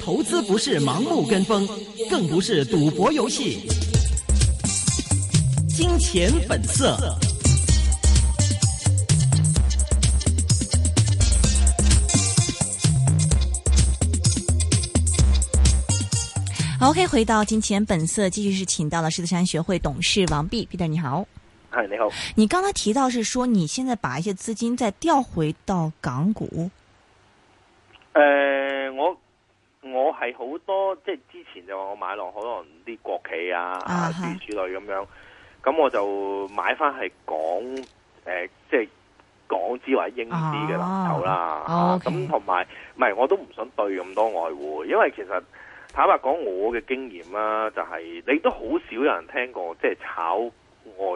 投資不是盲目跟風，更不是賭博遊戲。金錢本色，金錢本色。好。OK，回到金錢本色，繼續是請到了獅子山學會董事王弼 Peter，你好。嗨，你好。你剛才提到是說，你現在把一些資金再調回到港股。誒、uh -huh.，我我係好多即係之前就話我買落可能啲國企啊，諸、uh、如此 -huh. 類咁樣，咁我就買翻係港誒、呃，即係港資或者英資嘅龍頭啦，咁同埋唔係我都唔想對咁多外匯，因為其實坦白講，我嘅經驗啦、啊，就係、是、你都好少有人聽過即係、就是、炒外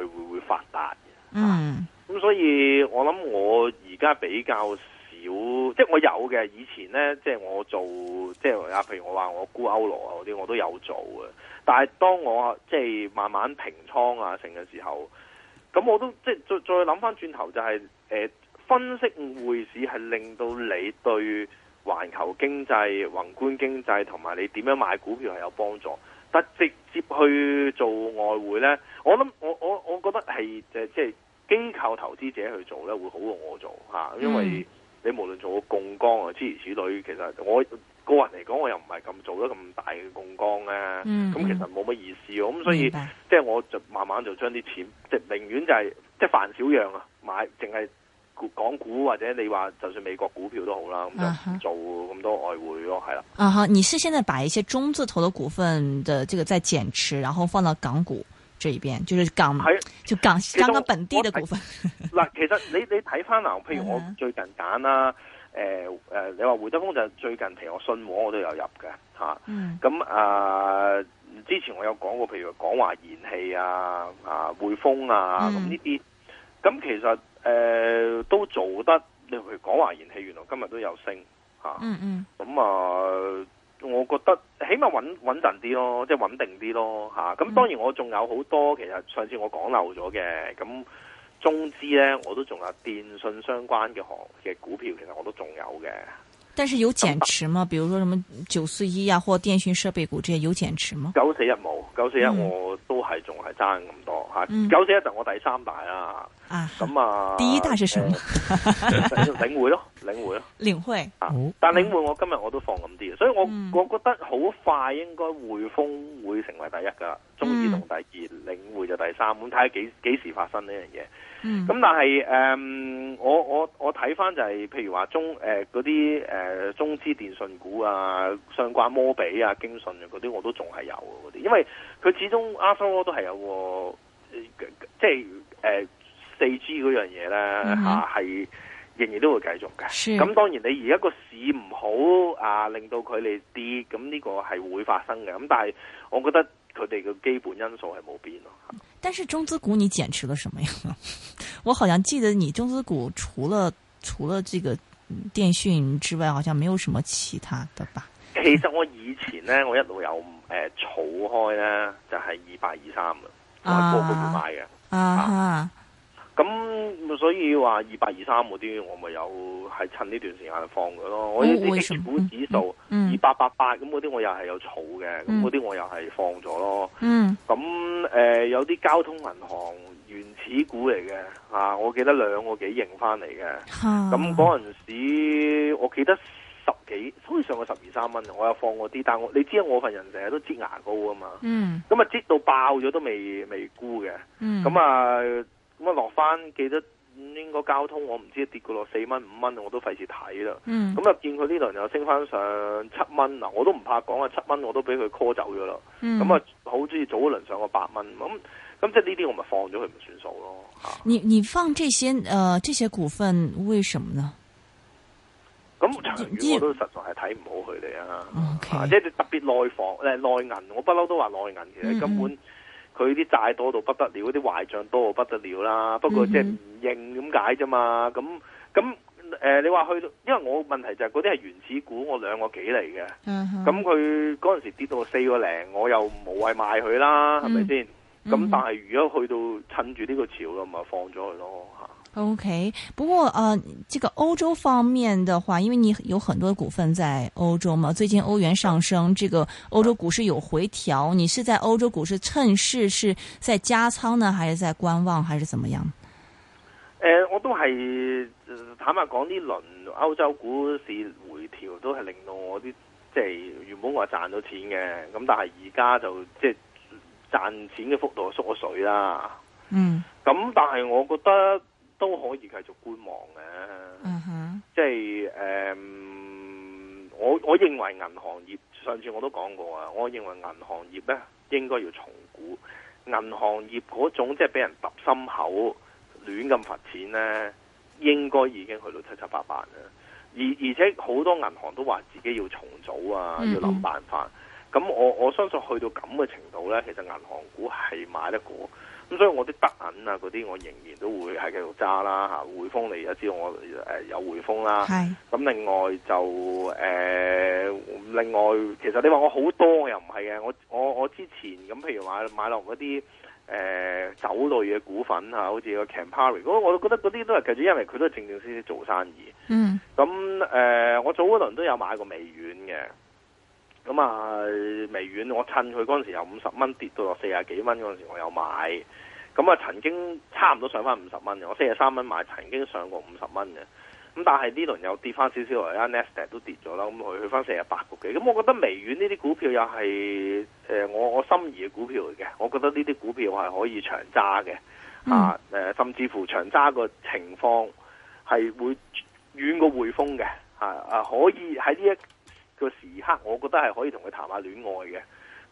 匯會發達，嗯、uh -huh. 啊，咁所以我諗我而家比較。有即係我有嘅，以前呢，即係我做即係啊，譬如我話我沽歐羅啊嗰啲，我都有做嘅。但係當我即係慢慢平倉啊成嘅時候，咁我都即係再再諗翻轉頭，就係誒，分析匯市係令到你對環球經濟、宏觀經濟同埋你點樣買股票係有幫助。但直接去做外匯呢，我諗我我我覺得係即係機構投資者去做呢會好過我做吓，因為。你無論做個槓桿啊，諸如此類，其實我個人嚟講，我又唔係咁做得咁大嘅槓桿咧。咁、嗯、其實冇乜意思咁、嗯、所以即係我就慢慢就將啲錢，即係寧願就係、是、即係凡小樣啊，買淨係港股或者你話就算美國股票都好啦，咁就唔做咁多外匯咯，係、啊、啦。啊哈！你是現在把一些中字頭嘅股份的這個再減持，然後放到港股。這邊就是港，就港港港本地的股份嗱。 其實你你睇翻啦，譬如我最近揀啦，誒、mm、誒 -hmm. 呃，你話會德豐就最近譬如我信和我都有入嘅吓，咁、啊 mm -hmm. 之前我有講過，譬如港華燃氣啊啊匯豐啊咁呢啲，咁、mm -hmm. 其實誒、呃、都做得，你譬如港華燃氣原來今日都有升吓，咁啊。Mm -hmm. 啊啊穩穩陣啲咯，即係穩定啲咯吓。咁、啊嗯、當然我仲有好多，其實上次我講漏咗嘅。咁中資咧，我都仲有電信相關嘅行嘅股票，其實我都仲有嘅。但是有減持嗎、啊？比如說什麼九四一啊，或電信設備股這些有減持嗎？九四一冇，九四一我都係仲係爭咁多吓。九四一就我第三大啦。咁啊，啊，第一大係什麼、啊 啊？領會咯。領會咯，領、啊、會、嗯。但領會我今日我都放咁啲，所以我我覺得好快應該匯豐會成為第一噶，中資同第二，嗯、領會就第三。咁睇下幾幾時發生呢樣嘢。咁、嗯嗯、但係誒、嗯，我我我睇翻就係、是，譬如話中誒嗰啲誒中資電信股啊，相關摩比啊、京信啊嗰啲，我都仲係有嗰啲，因為佢始終 after all 都係有個即係誒四 G 嗰樣嘢咧吓係。嗯仍然都會繼續嘅，咁當然你而家個市唔好啊，令到佢哋啲咁呢個係會發生嘅。咁但係我覺得佢哋嘅基本因素係冇變咯。但是中資股你減持咗什麼呀？ 我好像記得你中資股除了除了這個電訊之外，好像沒有什麼其他的吧？其實我以前呢， 我一路有誒炒、呃、開呢就係二百二三嘅，我係買嘅。啊。咁所以話二八二三嗰啲，我咪有係趁呢段時間放咗咯。我啲恆指股指數二八八八咁嗰啲，嗯嗯、我又係有儲嘅，咁嗰啲我又係放咗咯。咁、嗯、誒、呃，有啲交通銀行原始股嚟嘅，啊，我記得兩個幾型翻嚟嘅。咁嗰陣時，我記得十幾，好似上過十二三蚊，我有放過啲。但係你知道我份人成日都擠牙膏啊嘛。咁、嗯、啊，擠到爆咗都未未沽嘅。咁、嗯、啊。咁啊落翻，記得應該交通，我唔知跌過落四蚊五蚊，我都費事睇啦。咁啊見佢呢輪又升翻上七蚊嗱，我都唔怕講、嗯嗯、啊，七蚊我都俾佢 call 走咗啦。咁啊好鍾意早嗰輪上個八蚊，咁咁即係呢啲我咪放咗佢咪算數咯。你你放呢啲呃呢啲股份為什麼呢？咁長遠我都實在係睇唔好佢哋啊，okay. 啊。即係特別內房，誒內銀，我不嬲都話內銀其實根本。佢啲債多到不得了，嗰啲壞帳多到不得了啦。不過即係唔認點解啫嘛？咁、嗯、咁、呃、你話去到，因為我問題就係嗰啲係原始股，我兩個幾嚟嘅。咁佢嗰陣時跌到四個零，我又無謂賣佢啦，係咪先？咁、嗯、但係如果去到趁住呢個潮，咪放咗佢咯吓。O、okay. K，不過，呃，這個歐洲方面的話，因為你有很多股份在歐洲嘛，最近歐元上升，這個歐洲股市有回調，你是在歐洲股市趁勢是在加倉呢，還是在觀望，還是怎麼樣？誒、呃，我都係坦白講，呢輪歐洲股市回調都係令到我啲即係原本話賺到錢嘅，咁但係而家就即係、就是、賺錢嘅幅度縮水啦。嗯，咁但係我覺得。都可以繼續觀望嘅，即、嗯、係、就是 um, 我我認為銀行業上次我都講過啊，我認為銀行業呢應該要重估，銀行業嗰種即係俾人揼心口亂咁罰錢呢，應該已經去到七七八八啦。而而且好多銀行都話自己要重組啊，嗯、要諗辦法。咁我我相信去到咁嘅程度呢，其實銀行股係買得過。咁所以我啲德銀啊，嗰啲我仍然都會係繼續揸啦嚇，匯豐你也知道我誒有匯豐啦。咁另外就誒、呃、另外，其實你話我好多我又唔係嘅，我我我之前咁譬如話買落嗰啲誒酒類嘅股份嚇，好似個 Campari，我我覺得嗰啲都係，其實因為佢都係正正式式做生意。嗯。咁、嗯、誒，我早嗰輪都有買過微軟嘅。咁啊，微軟，我趁佢嗰陣時五十蚊跌到落四十幾蚊嗰陣時，我有買。咁啊，曾經差唔多上翻五十蚊嘅，我四十三蚊買，曾經上過五十蚊嘅。咁但係呢輪又跌翻少少嚟啦 Nestle 都跌咗啦，咁佢去翻四十八個幾。咁我覺得微軟呢啲股票又係、呃、我我心儀嘅股票嚟嘅，我覺得呢啲股票我係可以長揸嘅、嗯，啊，啊甚至乎長揸個情況係會遠過匯豐嘅，啊，啊可以喺呢一。個時刻，我覺得係可以同佢談下戀愛嘅。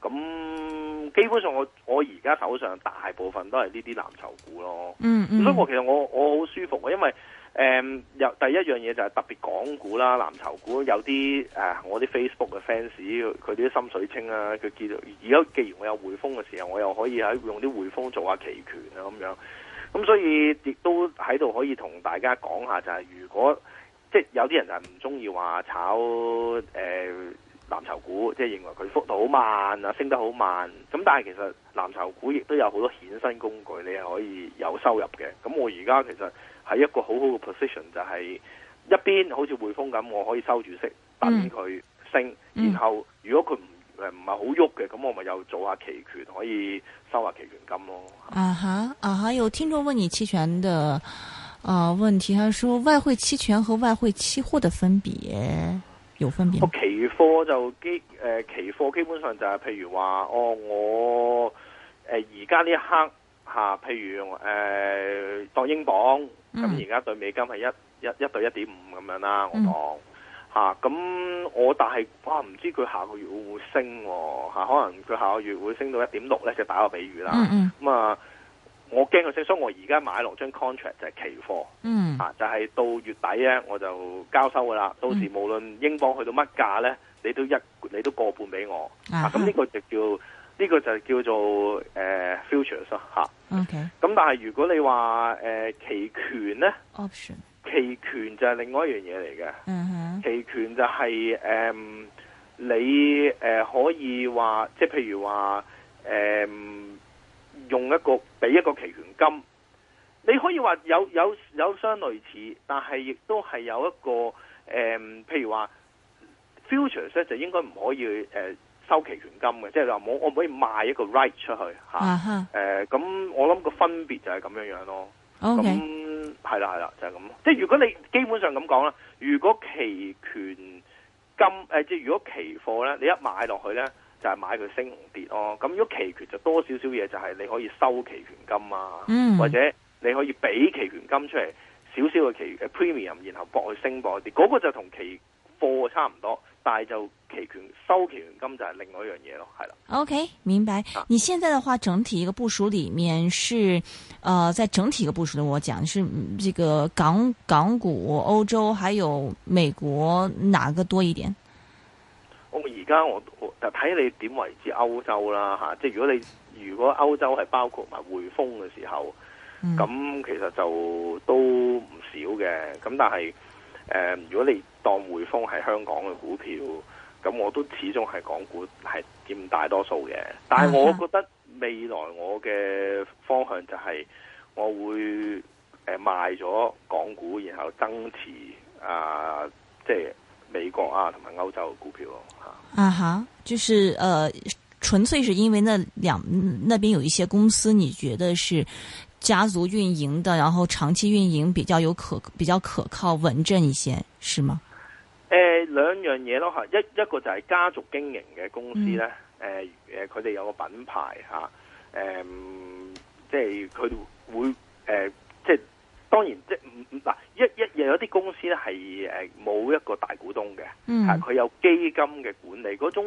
咁基本上我，我我而家手上大部分都係呢啲藍籌股咯。嗯、mm -hmm. 所以我其實我我好舒服啊，因為誒，有、呃、第一樣嘢就係特別講股啦，藍籌股有啲誒、呃，我啲 Facebook 嘅 fans 佢啲心水清啊，佢見到而家既然我有匯豐嘅時候，我又可以喺用啲匯豐做下、啊、期權啊咁樣。咁所以亦都喺度可以同大家講下、就是，就係如果。即係有啲人就唔中意話炒誒、呃、藍籌股，即係認為佢幅度好慢啊，升得好慢。咁但係其實藍籌股亦都有好多衍生工具，你係可以有收入嘅。咁我而家其實係一個好好嘅 position，就係一邊好似匯豐咁，我可以收住息等佢升、嗯，然後如果佢唔誒唔係好喐嘅，咁、嗯、我咪又做下期權，可以收下期權金咯、哦。啊哈啊哈，有聽眾問你期權嘅。啊、哦，問題，佢說外匯期權和外匯期貨的分別有分別。期貨就基誒、呃，期貨基本上就係、是、譬如話，哦，我誒而家呢一刻吓、啊，譬如誒、呃、當英鎊咁而家對美金係一一一對一點五咁樣啦，我當吓，咁、嗯啊、我但係哇，唔知佢下個月會唔會升吓、哦啊，可能佢下個月會升到一點六咧，就打個比喻啦，咁、嗯嗯、啊。我驚佢升，所以我而家買落張 contract 就係期貨，嗯，啊，就係、是、到月底咧，我就交收噶啦。到時無論英鎊去到乜價咧，你都一，你都過半俾我。Uh -huh. 啊，咁、嗯、呢個就叫呢、這個就叫做、uh, futures 嚇、啊。O K. 咁但係如果你話、uh, 期權咧，option 期權就係另外一樣嘢嚟嘅。嗯哼，期權就係、是、誒、um, 你、uh, 可以話，即係譬如話誒。Um, 用一個俾一個期權金，你可以話有有有相類似，但係亦都係有一個誒、嗯，譬如話 futures 咧就應該唔可以誒、呃、收期權金嘅，即係話我唔可以賣一個 right 出去嚇，誒、啊、咁、uh -huh. 呃、我諗個分別就係咁樣樣咯。OK，係啦係啦，就係、是、咁。即係如果你基本上咁講啦，如果期權金誒、呃，即係如果期貨咧，你一買落去咧。就係、是、買佢升或跌咯，咁如果期權就多少少嘢，就係、是、你可以收期權金啊、嗯，或者你可以俾期權金出嚟，少少嘅期權 premium，然後搏佢升搏佢跌，嗰、這個就同期貨差唔多，但係就期權收期權金就係另外一樣嘢咯，係啦。OK，明白。你現在嘅話，整體一個部署裏面是，誒、呃，在整體一個部署，我講嘅是這個港港股、歐洲還有美國，哪個多一點？而家我就睇你點維持歐洲啦嚇、啊，即係如果你如果歐洲係包括埋匯豐嘅時候，咁其實就都唔少嘅。咁但係誒、呃，如果你當匯豐係香港嘅股票，咁我都始終係港股係佔大多數嘅。但係我覺得未來我嘅方向就係我會誒、呃、賣咗港股，然後增持啊，即係。美國啊，同埋歐洲嘅股票咯吓、啊。啊哈，就是誒、呃，純粹是因為那兩那邊有一些公司，你覺得是家族運營的，然後長期運營比較有可比較可靠、穩陣一些，是嗎？誒、呃，兩樣嘢咯吓，一一個就係家族經營嘅公司咧，誒、嗯、誒，佢、呃、哋、呃、有個品牌吓，誒、啊呃，即係佢哋會誒、呃，即係當然即。嗱、啊，一一又有啲公司咧係誒冇一個大股東嘅，係、嗯、佢、啊、有基金嘅管理，嗰種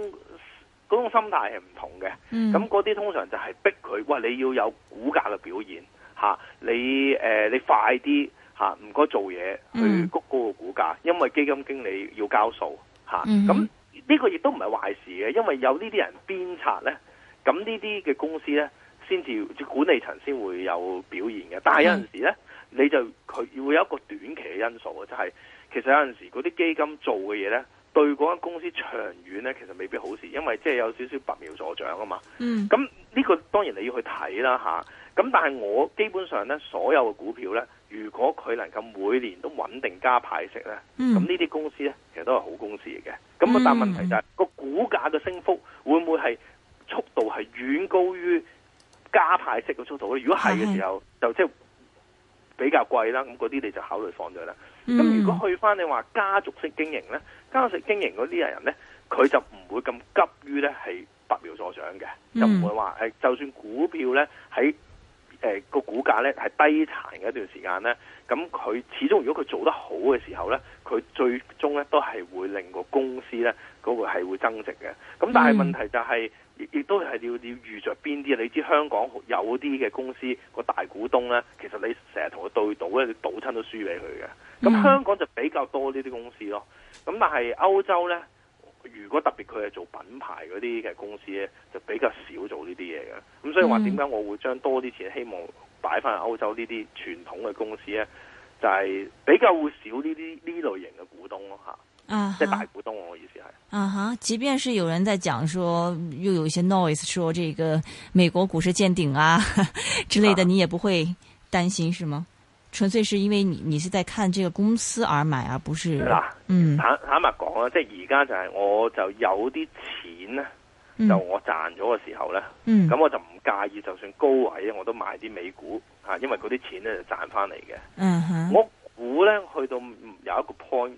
那種心態係唔同嘅。咁嗰啲通常就係逼佢，哇！你要有股價嘅表現，吓、啊、你誒、呃，你快啲吓，唔、啊、該做嘢去谷個股價，因為基金經理要交數吓。咁、啊、呢、嗯、個亦都唔係壞事嘅，因為有呢啲人鞭策咧，咁呢啲嘅公司咧，先至管理層先會有表現嘅。但係有陣時咧。你就佢會有一個短期嘅因素啊，就係、是、其實有陣時嗰啲基金做嘅嘢咧，對嗰間公司長遠咧其實未必好事，因為即係有少少拔苗助長啊嘛。嗯。咁呢個當然你要去睇啦吓，咁、啊、但係我基本上咧，所有嘅股票咧，如果佢能夠每年都穩定加派息咧，咁呢啲公司咧其實都係好公司嚟嘅。咁但問題就係、是、個、嗯、股價嘅升幅會唔會係速度係遠高於加派息嘅速度咧？如果係嘅時候，就即係。比較貴啦，咁嗰啲你就考慮放咗啦。咁如果去翻你話家族式經營呢，mm. 家族式經營嗰啲人呢，佢就唔會咁急於呢係拔苗助長嘅，就唔會話誒，就算股票呢喺誒個股價呢係低殘嘅一段時間呢。咁佢始終如果佢做得好嘅時候呢，佢最終呢都係會令個公司呢嗰、嗰個係會增值嘅。咁但係問題就係、係。Mm. 亦都係要要遇着邊啲？你知香港有啲嘅公司個大股東呢，其實你成日同佢對賭咧，賭親都輸俾佢嘅。咁香港就比較多呢啲公司咯。咁但係歐洲呢，如果特別佢係做品牌嗰啲嘅公司呢，就比較少做呢啲嘢嘅。咁所以話點解我會將多啲錢希望擺翻喺歐洲呢啲傳統嘅公司呢，就係、是、比較會少呢啲呢類型嘅股東咯吓。即、uh、係。Uh-huh. 大股東，我意思係。啊哈，即便是有人在講說，又有一些 noise，說這個美國股市見頂啊之類的，你也不會擔心，uh-huh. 是嗎？純粹是因為你你是在看這個公司而買，而不是嗱，嗯，坦坦白講啦，即係而家就係我就有啲錢呢，就我賺咗嘅時候呢，咁、嗯、我就唔介意，就算高位我都買啲美股，吓，因為嗰啲錢就賺翻嚟嘅。嗯哼，我估呢，去到有一個 point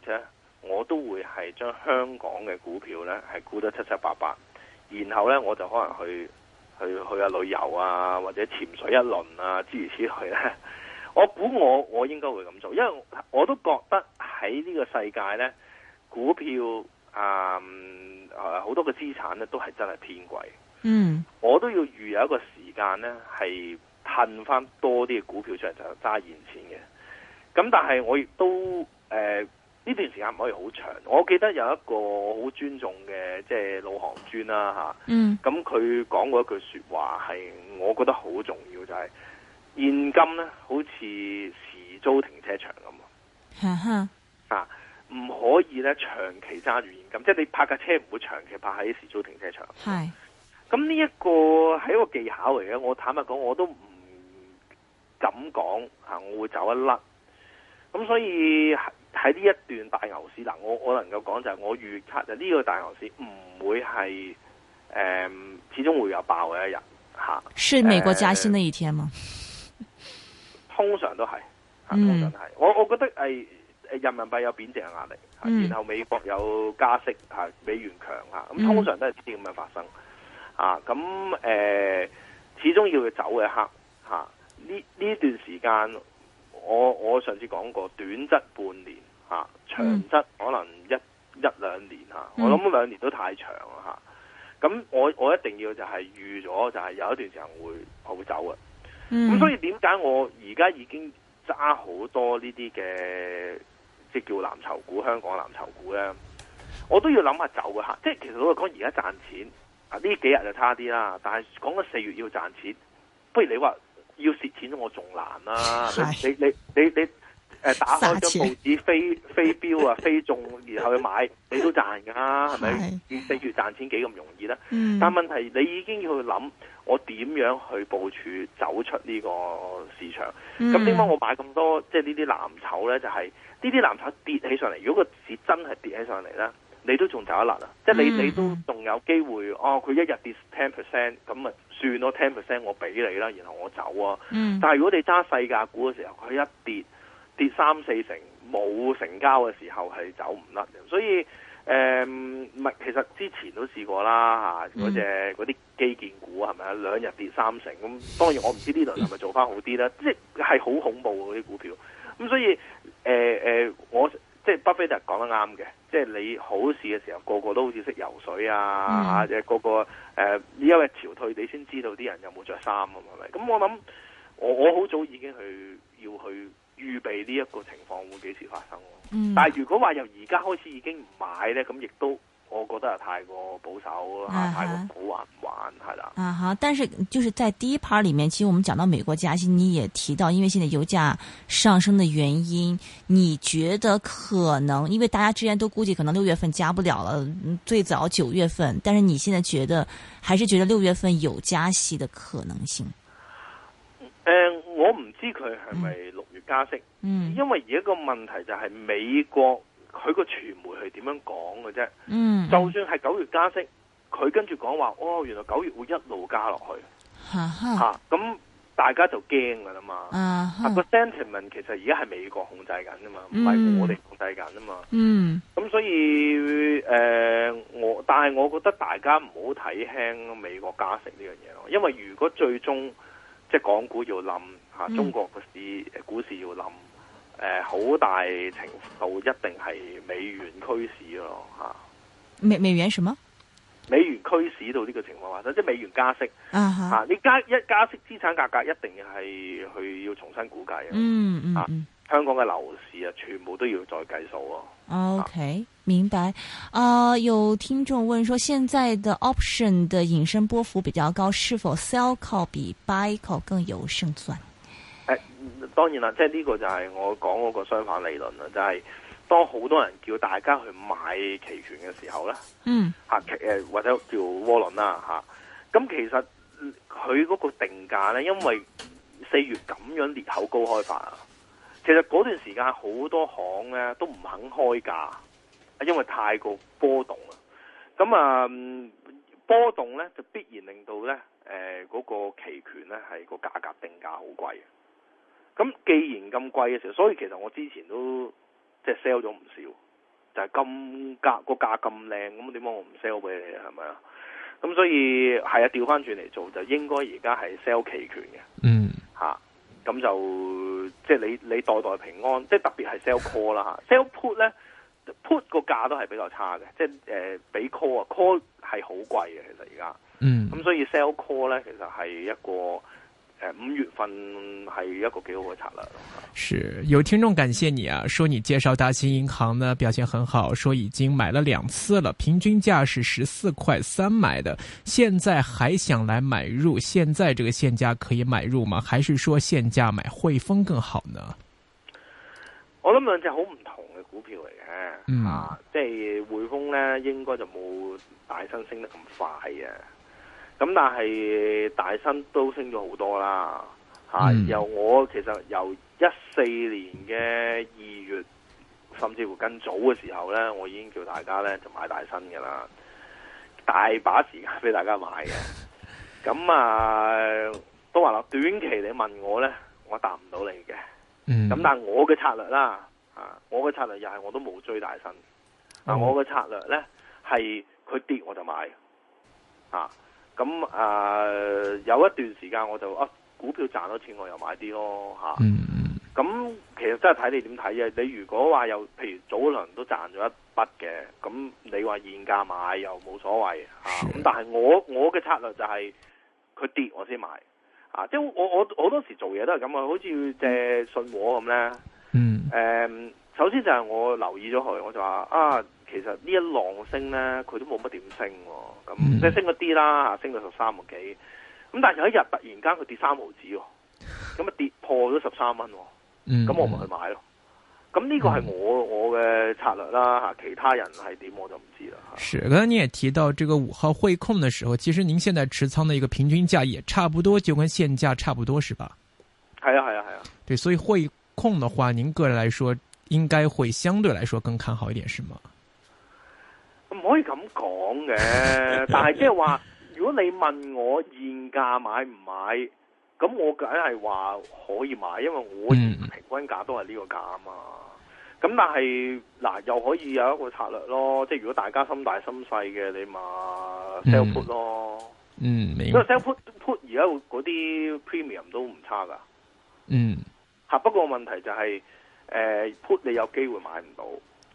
我都會係將香港嘅股票呢係沽得七七八八，然後呢，我就可能去去去下旅遊啊，或者潛水一輪啊，諸如此類呢。我估我我應該會咁做，因為我都覺得喺呢個世界呢，股票啊，好多嘅資產呢都係真係偏貴。嗯，都 mm. 我都要預有一個時間呢係褪翻多啲嘅股票出嚟，就揸現錢嘅。咁但係我亦都誒。呃呢段時間唔可以好長。我記得有一個好尊重嘅即係老行尊啦嚇。咁佢講過一句説話係我覺得好重要，就係、是、現金咧好似時租停車場咁啊、嗯。啊，唔可以咧長期揸住現金，即係你泊架車唔會長期泊喺時租停車場。係、嗯。咁呢一個係一個技巧嚟嘅。我坦白講，我都唔敢講嚇、啊，我會走一甩咁所以。喺呢一段大牛市嗱、啊，我我能夠講就係我預測就呢個大牛市唔會係誒、嗯，始終會有爆嘅一日吓。是美國加息嘅一天嗎？啊、通常都係，吓通常都係。我我覺得誒，人民幣有貶值嘅壓力、啊嗯，然後美國有加息吓、啊，美元強吓，咁、啊、通常都係啲咁嘅發生。嗯、啊，咁、啊、誒，始終要走嘅一刻吓。呢、啊、呢段時間，我我上次講過，短則半年。啊，長則可能一、嗯、一、一兩年吓、嗯，我諗兩年都太長啦吓。咁我我一定要就係預咗，就係有一段時間會我會走嘅。咁、嗯、所以點解我而家已經揸好多呢啲嘅，即、就、係、是、叫藍籌股、香港藍籌股咧？我都要諗下走嘅吓。即係其實我講而家賺錢啊，呢幾日就差啲啦。但係講緊四月要賺錢，不如你話要蝕錢我，我仲難啦。你你你你。你你打開咗報紙飛飛標啊，飛 中然後去買，你都賺㗎，係咪？對住賺錢幾咁容易咧、嗯？但問題你已經要去諗，我點樣去部署走出呢個市場？咁點解我買咁多即係呢啲藍籌咧？就係呢啲藍籌跌起上嚟，如果個市真係跌起上嚟咧，你都仲走得甩啊！即、嗯、係、就是、你你都仲有機會哦。佢一日跌 ten percent，咁啊算咯，ten percent 我俾你啦，然後我走啊。嗯、但係如果你揸細價股嘅時候，佢一跌，跌三四成冇成交嘅時候係走唔甩，所以誒唔係，其實之前都試過啦吓，嗰隻嗰啲基建股係咪啊，兩日跌三成，咁當然我唔知呢輪係咪做翻好啲啦，即係好恐怖嗰啲股票，咁所以誒誒、呃呃，我即係巴菲特講得啱嘅，即係你好市嘅時候，個個都好似識游水啊吓，即、嗯、係個個誒，家、呃、日潮退你先知道啲人有冇着衫咁係咪？咁我諗我我好早已經去要去。預備呢一個情況會幾時發生，嗯？但係如果話由而家開始已經唔買呢，咁亦都我覺得係太過保守了，啊，太過好玩玩係啦。啊好，但是就是在第一 part 裏面，其實我們講到美國加息，你也提到，因為現在油價上升的原因，你覺得可能因為大家之前都估計可能六月份加不了了，最早九月份，但是你現在覺得還是覺得六月份有加息的可能性？我唔知佢係咪六。嗯加息，因為而家個問題就係美國佢個傳媒係點樣講嘅啫，就算係九月加息，佢跟住講話哦，原來九月會一路加落去，吓，咁、啊、大家就驚噶啦嘛，個、啊啊、sentiment 其實而家係美國控制緊啊嘛，唔係我哋控制緊啊嘛，咁、嗯嗯嗯嗯啊、所以誒、呃、我但係我覺得大家唔好睇輕美國加息呢樣嘢咯，因為如果最終即係港股要冧，吓中國個市、嗯、股市要冧，誒、呃、好大程度一定係美元驅使咯，吓美美元什麼？美元驅使到呢個情況，或者即係美元加息，啊吓、啊，你加一加息，資產價格一定係去要重新估計，嗯嗯、啊、嗯，香港嘅樓市啊，全部都要再計數咯，OK。明白，啊、呃、有聽眾問說，現在的 option 的引伸波幅比較高，是否 sell call 比 buy call 更有勝算？當然啦，即係呢個就係我講嗰個相反理論啦，就係、是、當好多人叫大家去買期權嘅時候咧，嗯，吓，誒或者叫窩輪啦，吓，咁其實佢嗰個定價咧，因為四月咁樣裂口高開發呀，其實嗰段時間好多行咧都唔肯開價。啊，因為太過波動啦，咁啊、嗯、波動咧就必然令到咧誒嗰個期權咧係個價格定價好貴嘅。咁既然咁貴嘅時候，所以其實我之前都即係 sell 咗唔少，就係、是、咁價個價咁靚，咁點解我唔 sell 俾你啊？係咪啊？咁所以係啊，調翻轉嚟做就應該而家係 sell 期權嘅。嗯，吓、啊、咁就即係你你代代平安，即係特別係 sell call 啦，sell put 咧。put 個價都係比較差嘅，即係誒比 call 啊，call 係好貴嘅其實而家，嗯，咁、嗯、所以 sell call 咧其實係一個誒五、呃、月份係一個幾好嘅策略。是有聽眾感謝你啊，說你介紹大新銀行呢表現很好，說已經買了兩次了，平均價是十四塊三買的，現在還想來買入，現在這個現價可以買入嗎？還是說現價買匯豐更好呢？我諗兩隻好唔同嘅股票嚟嘅，吓、嗯、即、啊、係、就是、匯豐咧，應該就冇大新升得咁快嘅。咁但係大新都升咗好多啦，吓、啊嗯。由我其實由一四年嘅二月，甚至乎更早嘅時候咧，我已經叫大家咧就買大新嘅啦，大把時間俾大家買嘅。咁啊，都話啦，短期你問我咧，我答唔到你嘅。咁、嗯、但係我嘅策略啦，啊，我嘅策略又係我都冇追大身，嗯、啊，我嘅策略咧係佢跌我就買，啊，咁啊有一段時間我就啊股票賺咗錢，我又買啲咯，吓、啊，咁、嗯啊嗯、其實真係睇你點睇嘅，你如果話有譬如早輪都賺咗一筆嘅，咁你話現價買又冇所謂，吓、啊，咁但係我我嘅策略就係佢跌我先買。啊！即我我我，我當時做嘢都係咁啊，好似借信和咁咧、嗯。嗯。首先就係我留意咗佢，我就話啊，其實呢一浪升咧，佢都冇乜點升喎。咁、嗯嗯、即係升咗啲啦，升到十三個幾。咁但係有一日突然間佢跌三毫子喎，咁啊跌破咗十三蚊。喎、嗯。咁、嗯、我咪去買咯。咁呢個係我我嘅策略啦吓，其他人係點我就唔知啦吓。是，剛才你也提到這個五號匯控的時候，其實您現在持倉的一個平均價也差不多，就跟現價差不多，是吧？係啊係啊係啊。對，所以匯控的話，您個人來說應該會相對來說更看好一點，是嗎？唔可以咁講嘅， 但係即係話，如果你問我現價買唔買，咁我梗係話可以買，因為我平均價都係呢個價啊嘛。嗯咁但係嗱，又可以有一個策略咯，即係如果大家心大心細嘅，你買 sell put 咯，嗯，嗯因為 sell put put 而家嗰啲 premium 都唔差㗎，嗯，吓不過問題就係、呃、put 你有機會買唔到。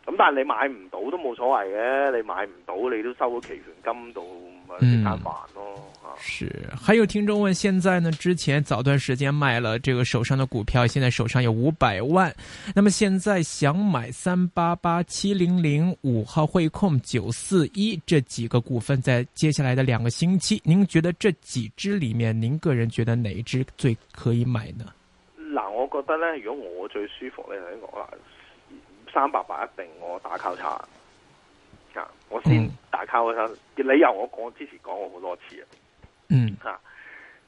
咁但係你買唔到都冇所謂嘅，你買唔到你都收咗期權金度咪食餐飯咯。嗯、咯。是，還有聽眾問，現在呢？之前早段時間賣了這個手上的股票，現在手上有五百萬，那麼現在想買三八八七零零五號匯控九四一這幾個股份，在接下來的兩個星期，您覺得這幾隻裏面，您個人覺得哪一隻最可以買呢？嗱，我覺得呢，如果我最舒服呢，就呢個啦。三八八一定我打交叉啊！我先打交叉，嘅、嗯、理由我我之前講過好多次啊。嗯，吓、啊，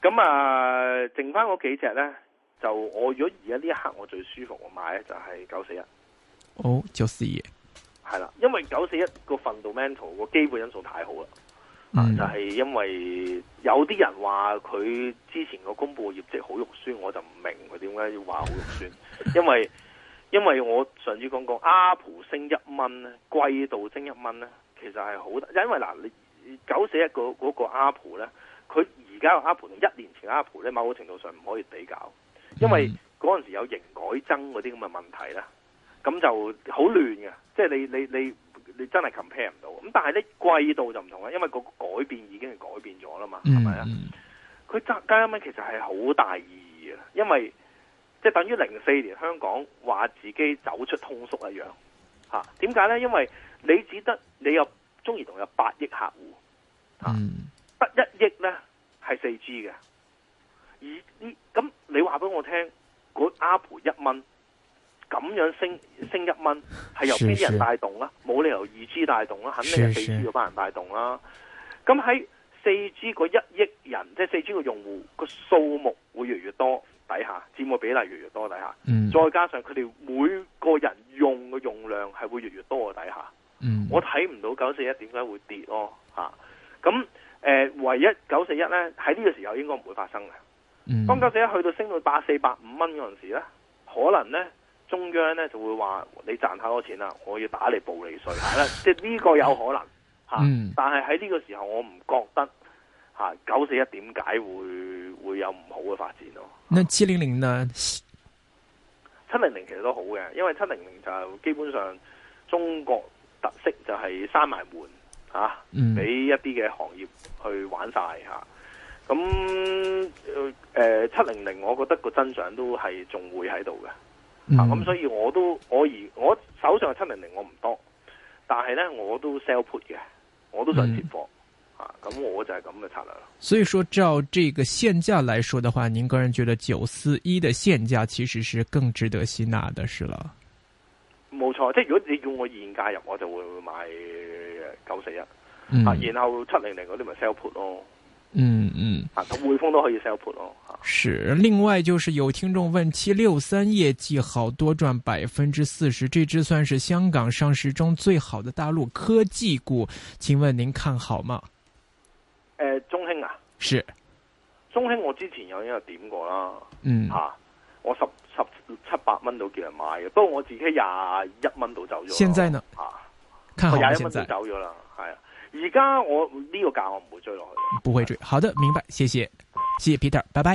咁啊，剩翻嗰幾隻呢，就我如果而家呢一刻我最舒服我買呢就係九四一。哦，九四二，係啦，因為九四一個 fundamental 個基本因素太好啦、嗯啊。就係、是、因為有啲人話佢之前個公布業績好肉酸，我就唔明佢點解要話好肉酸， 因為。因為我上次講過，阿蒲升一蚊咧，季度升一蚊咧，其實係好大。因為嗱，你九四一個嗰個阿蒲咧，佢而家個阿蒲同一年前個阿蒲咧，某個程度上唔可以比較，因為嗰陣時有營改增嗰啲咁嘅問題咧，咁就好亂嘅，即係你你你你真係 compare 唔到。咁但係咧，季度就唔同啦，因為個改變已經係改變咗啦嘛，係咪啊？佢增加一蚊其實係好大意義啊，因為。即係等於零四年香港話自己走出通縮一樣，吓點解呢？因為你只得你有中移動有八億客戶，吓得一億呢，係四 G 嘅，而呢咁你話俾我聽，個阿婆一蚊咁樣升升一蚊，係由邊啲人帶動啦、啊？冇理由二 G 帶動啦、啊，肯定係四 G 嗰班人帶動啦、啊。咁喺四 G 個一億人，是是即係四 G 嘅用戶個數目會越來越多。底下佔嘅比例越越多底下、嗯，再加上佢哋每個人用嘅用量係會越越多嘅底下，嗯、我睇唔到九四一點解會跌咯嚇。咁、啊、誒、呃，唯一九四一咧喺呢個時候應該唔會發生嘅、嗯。當九四一去到升到八四、八五蚊嗰陣時咧，可能咧中央咧就會話你賺太多錢啦，我要打你暴利稅啦，即係呢個有可能嚇、啊嗯。但係喺呢個時候我唔覺得。啊，九四一點解會會有唔好嘅發展咯、啊？那七零零呢？七零零其實都好嘅，因為七零零就基本上中國特色就係閂埋門，吓、啊，俾、嗯、一啲嘅行業去玩晒吓。咁、啊、誒、呃、七零零，我覺得個增長都係仲會喺度嘅。咁、嗯啊、所以我都我而我手上嘅七零零我唔多，但係呢我都 sell put 嘅，我都想接貨。咁、啊、我就係咁嘅策略咯。所以說，照這個現價來說的話，您個人覺得九四一的現價其實是更值得吸納的。是了，冇錯，即係如果你用我現價入，我就會買九四一啊。然後七零零嗰啲咪 sell put 咯。嗯嗯。啊，咁匯豐都可以 sell put 咯。是。另外，就是有聽眾問：七六三業績好多賺百分之四十，這隻算是香港上市中最好的大陸科技股，請問您看好嗎？誒、呃，中興啊，是，中興我之前有一日點過啦，嗯，吓、啊，我十十七八蚊度叫人買嘅，不過我自己廿一蚊到走咗，現在呢，吓，我廿一蚊度走咗啦，係啊，而家我呢個價我唔會追落去，不會追，好的，明白，謝謝，謝謝 Peter，拜拜。